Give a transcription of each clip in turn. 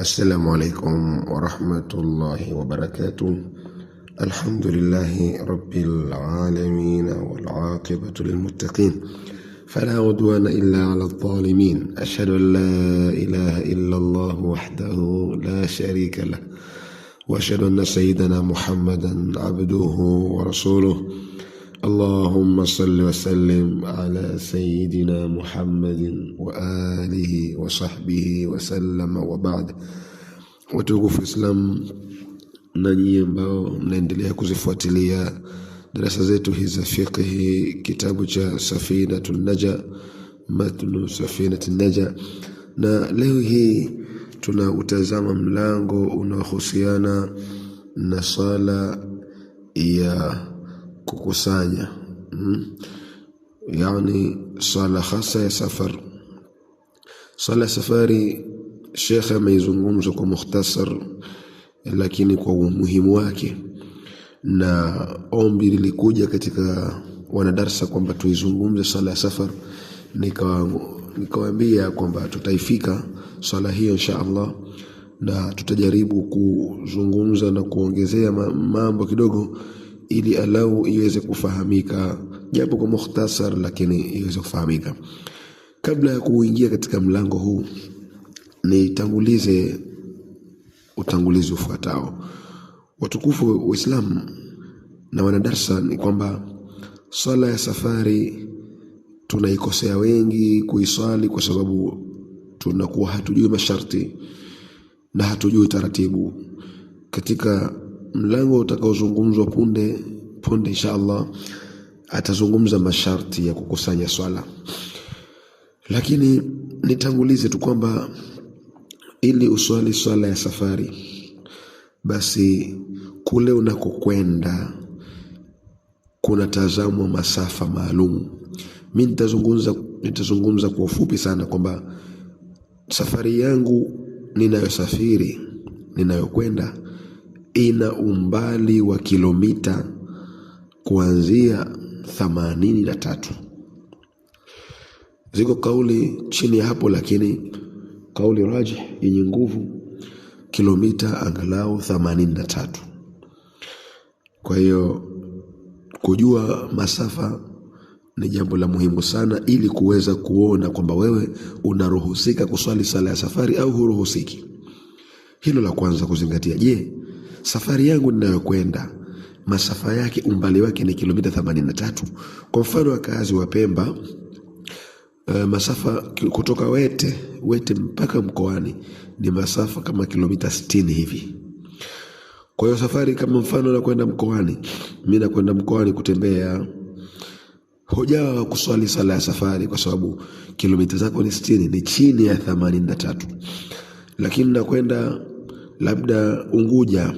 السلام عليكم ورحمة الله وبركاته الحمد لله رب العالمين والعاقبة للمتقين فلا عدوان إلا على الظالمين أشهد أن لا إله إلا الله وحده لا شريك له وأشهد أن سيدنا محمدا عبده ورسوله اللهم صل وسلم على سيدنا محمد وآله وصحبه وسلم وبعد watukufu Islam na nyie ambao mnaendelea kuzifuatilia darasa zetu hizi za fiqhi, kitabu cha Safinatun Naja, matnu Safinatun Naja, na leo hii tuna utazama mlango unaohusiana na sala ya kukusanya hmm? yani swala hasa ya safar swala ya safari shekhe ameizungumza kwa mukhtasar lakini kwa umuhimu wake na ombi lilikuja katika wanadarsa kwamba tuizungumze swala ya safar nikawaambia kwamba tutaifika swala hiyo insha allah na tutajaribu kuzungumza na kuongezea mambo kidogo ili alau iweze kufahamika japo kwa mukhtasar, lakini iweze kufahamika. Kabla ya kuingia katika mlango huu, nitangulize utangulizi ufuatao. Watukufu Waislamu na wanadarsa, ni kwamba swala ya safari tunaikosea wengi kuiswali kwa sababu tunakuwa hatujui masharti na hatujui taratibu katika mlango utakaozungumzwa punde punde insha allah atazungumza masharti ya kukusanya swala lakini nitangulize tu kwamba ili uswali swala ya safari basi kule unakokwenda kunatazamwa masafa maalum mi nitazungumza nitazungumza kwa ufupi sana kwamba safari yangu ninayosafiri ninayokwenda ina umbali wa kilomita kuanzia themanini na tatu. Ziko kauli chini ya hapo, lakini kauli rajih yenye nguvu kilomita angalau themanini na tatu. Kwa hiyo kujua masafa ni jambo la muhimu sana, ili kuweza kuona kwamba wewe unaruhusika kuswali sala ya safari au huruhusiki. Hilo la kwanza kuzingatia. Je, safari yangu ninayokwenda masafa yake umbali wake ni kilomita 83 kwa mfano wakazi wa Pemba uh, masafa kutoka Wete Wete mpaka mkoani ni masafa kama kilomita 60 hivi kwa hiyo safari kama mfano nakwenda mkoani mi nakwenda mkoani kutembea hojawa wa kuswali sala ya safari kwa sababu kilomita zako ni 60 ni chini ya 83 lakini nakwenda labda Unguja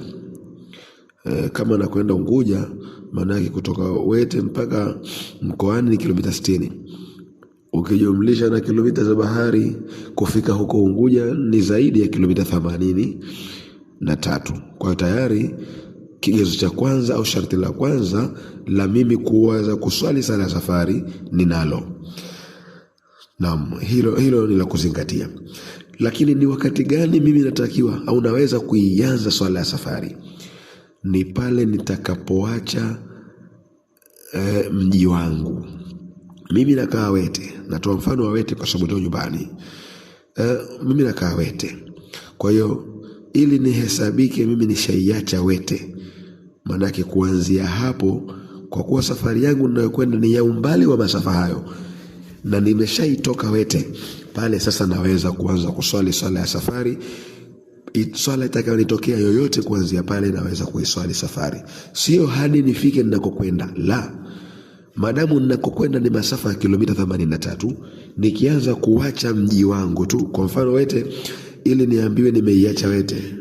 e, kama nakwenda Unguja maana yake kutoka Wete mpaka mkoani ni kilomita sitini ukijumlisha na kilomita za bahari kufika huko Unguja ni zaidi ya kilomita themanini na tatu. Kwa tayari kigezo cha kwanza au sharti la kwanza la mimi kuweza kuswali sala ya safari ninalo. Naam, hilo, hilo ni la kuzingatia. Lakini ni wakati gani mimi natakiwa au naweza kuianza swala ya safari? ni pale nitakapoacha e, mji wangu. Mimi nakaa Wete, natoa mfano wa Wete kwa sababu ndio nyumbani e, mimi nakaa Wete. Kwa hiyo ili nihesabike mimi nishaiacha Wete, maanake kuanzia hapo, kwa kuwa safari yangu ninayokwenda ni ya umbali wa masafa hayo na nimeshaitoka Wete pale, sasa naweza kuanza kuswali swala ya safari swala itakayonitokea yoyote kuanzia pale naweza kuiswali safari, sio hadi nifike ninakokwenda. La, madamu ninakokwenda ni masafa ya kilomita tatu, nikianza kuwacha mji wangu tu, kwa mfano Wete, ili niambiwe nimeiacha Wete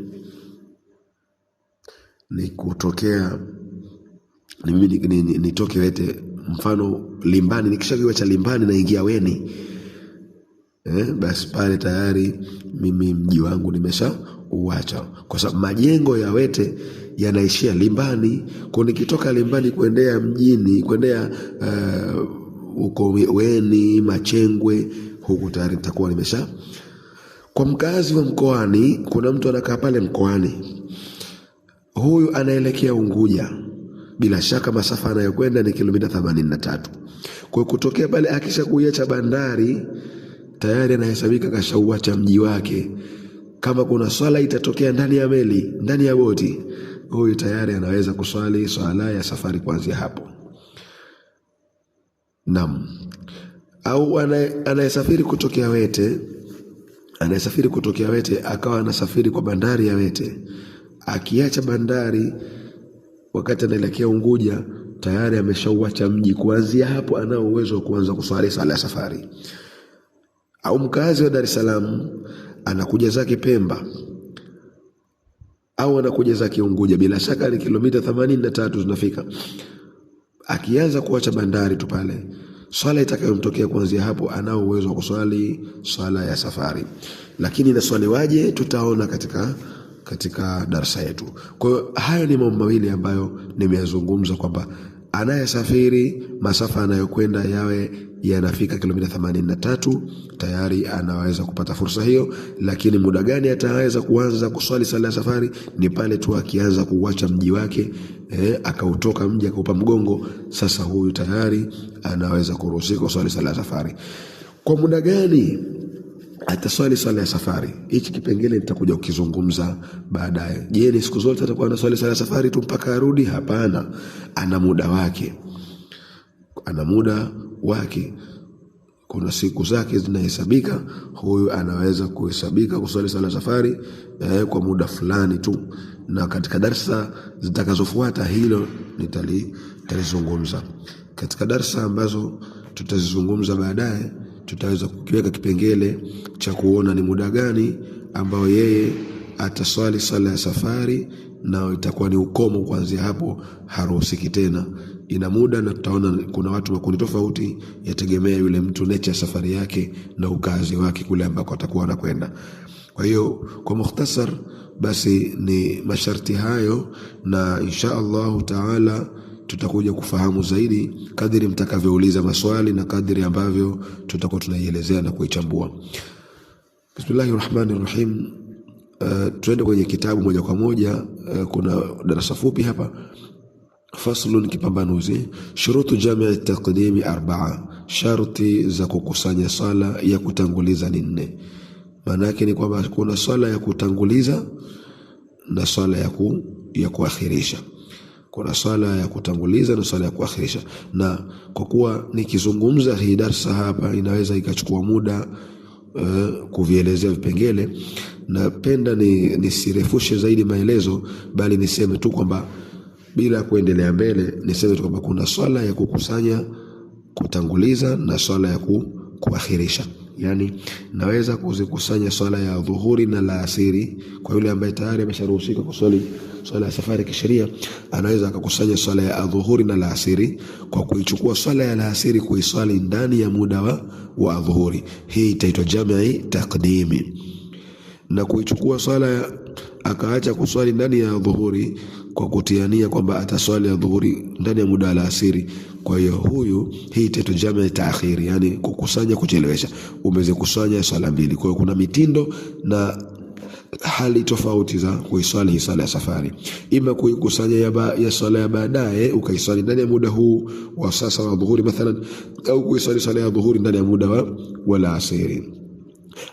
ni kutokea nitoke Wete, mfano Limbani, nikishakiwa cha Limbani naingia Weni eh, basi pale tayari mimi mji wangu nimesha uacha, kwa sababu majengo ya Wete yanaishia Limbani. Kwa nikitoka Limbani kuendea mjini kuendea eh, huko uh, Weni Machengwe, huku tayari nitakuwa nimesha. Kwa mkazi wa mkoani, kuna mtu anakaa pale mkoani, huyu anaelekea Unguja bila shaka masafa anayokwenda ni kilomita 83. Kwa kutokea pale akisha kuiacha bandari tayari anahesabika kashauacha mji wake. Kama kuna swala itatokea ndani ya meli, ndani ya boti, huyu tayari anaweza kuswali swala ya safari kuanzia hapo. Naam. Au anayesafiri kutokea Wete, anayesafiri kutokea Wete akawa anasafiri kwa bandari ya Wete, akiacha bandari wakati anaelekea Unguja, tayari ameshauacha mji. Kuanzia hapo, anao uwezo wa kuanza kuswali swala ya safari au mkazi wa Dar es Salaam anakuja zake Pemba au anakuja zake Unguja, bila shaka ni kilomita 83 zinafika. Akianza kuacha bandari tu pale, swala itakayomtokea kuanzia hapo, anao uwezo wa kuswali swala ya safari, lakini naswaliwaje tutaona katika katika darsa yetu. Kwa hiyo hayo ni mambo mawili ambayo nimeyazungumza kwamba anayesafiri masafa anayokwenda yawe yanafika kilomita tatu tayari anaweza kupata fursa hiyo. Lakini muda gani ataweza kuanza kuswali sala ya safari? Ni pale tu akianza kuwacha mji wake eh, akautoka mji akaupa mgongo. Sasa huyu tayari anaweza kuruhusika kuswali sala ya safari. Kwa muda gani? ataswali swala ya safari. Hichi kipengele nitakuja kukizungumza baadaye. Je, ni siku zote atakuwa anaswali swala ya safari tu mpaka arudi? Hapana, ana muda wake, ana muda wake. Kuna siku zake zinahesabika. Huyu anaweza kuhesabika kuswali swala ya safari eh, kwa muda fulani tu, na katika darsa zitakazofuata hilo nitalizungumza katika darsa ambazo tutazizungumza baadaye tutaweza kukiweka kipengele cha kuona ni muda gani ambao yeye ataswali sala ya safari, na itakuwa ni ukomo kuanzia hapo, haruhusiki tena. Ina muda na tutaona kuna watu makundi tofauti, yategemea yule mtu necha ya safari yake na ukazi wake kule ambako atakuwa anakwenda. Kwa hiyo kwa mukhtasar, basi ni masharti hayo, na insha Allahu taala tutakuja kufahamu zaidi kadiri mtakavyouliza maswali na kadiri ambavyo tutakuwa tunaielezea na kuichambua. Bismillahi rahmani rahim. Uh, eh, tuende kwenye kitabu moja kwa moja. Uh, kuna darasa fupi hapa. Faslun, kipambanuzi. Shurutu jamii taqdimi arbaa, sharti za kukusanya sala ya kutanguliza ni nne. Maana yake ni kwamba kuna sala ya kutanguliza na sala ya, ku, ya kuakhirisha kuna sala ya kutanguliza na sala ya kuakhirisha na kwa kuwa nikizungumza hii darsa hapa inaweza ikachukua muda uh, kuvielezea vipengele napenda ni nisirefushe zaidi maelezo bali niseme tu kwamba bila kuendelea mbele niseme tu kwamba kuna swala ya kukusanya kutanguliza na swala ya ku kuakhirisha yani naweza kuzikusanya swala ya dhuhuri na laasiri kwa yule ambaye tayari amesharuhusika kuswali swala ya safari kisheria anaweza akakusanya swala ya adhuhuri na laasiri kwa kuichukua swala ya laasiri kuiswali ndani ya muda wa, wa adhuhuri hii itaitwa jamai takdimi na kuichukua swala akaacha kuswali ndani ya dhuhuri kwa kutiania kwamba ataswali ya dhuhuri ndani ya muda wa laasiri kwa hiyo huyu, hii tatu jamaa taakhiri, yani kukusanya, kuchelewesha. Umezikusanya swala mbili, kwa hiyo kuna mitindo na hali tofauti za kuiswali hii swala ya safari, ima kuikusanya ya, ya swala ya baadaye ukaiswali ndani ya muda huu wa sasa wa dhuhuri mathalan, au kuiswali swala ya dhuhuri ndani ya muda wa wala asiri,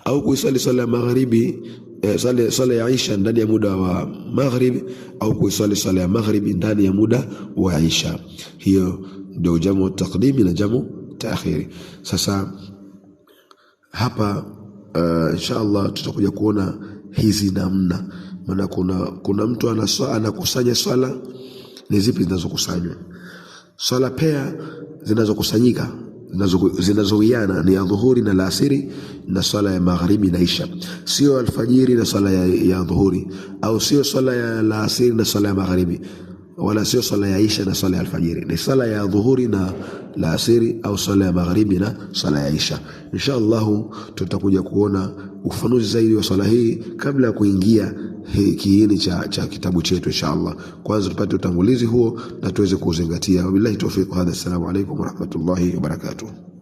au kuiswali swala ya magharibi eh, swala ya isha ndani ya muda wa maghribi, au kuiswali swala ya maghribi ndani ya muda wa isha hiyo ndio jamu taqdimi na jamu taakhiri. Sasa hapa uh, eh, inshaallah tutakuja kuona hizi namna, maana kuna, kuna mtu anakusanya swala ni zipi zinazokusanywa swala pea zinazokusanyika zinazowiana ni adhuhuri na laasiri na swala ya magharibi na isha, sio alfajiri na swala ya, ya dhuhuri, au sio swala ya laasiri na swala ya magharibi wala sio swala ya isha na swala ya alfajiri, ni swala ya dhuhuri na la asiri, au swala ya magharibi na swala ya isha. Insha allahu tutakuja kuona ufafanuzi zaidi wa swala hii kabla ya kuingia kiini cha, cha kitabu chetu insha allah. Kwanza tupate utangulizi huo na tuweze kuuzingatia. Wabillahi tawfiq, Hadha, assalamu rahmatullahi wa barakatuh.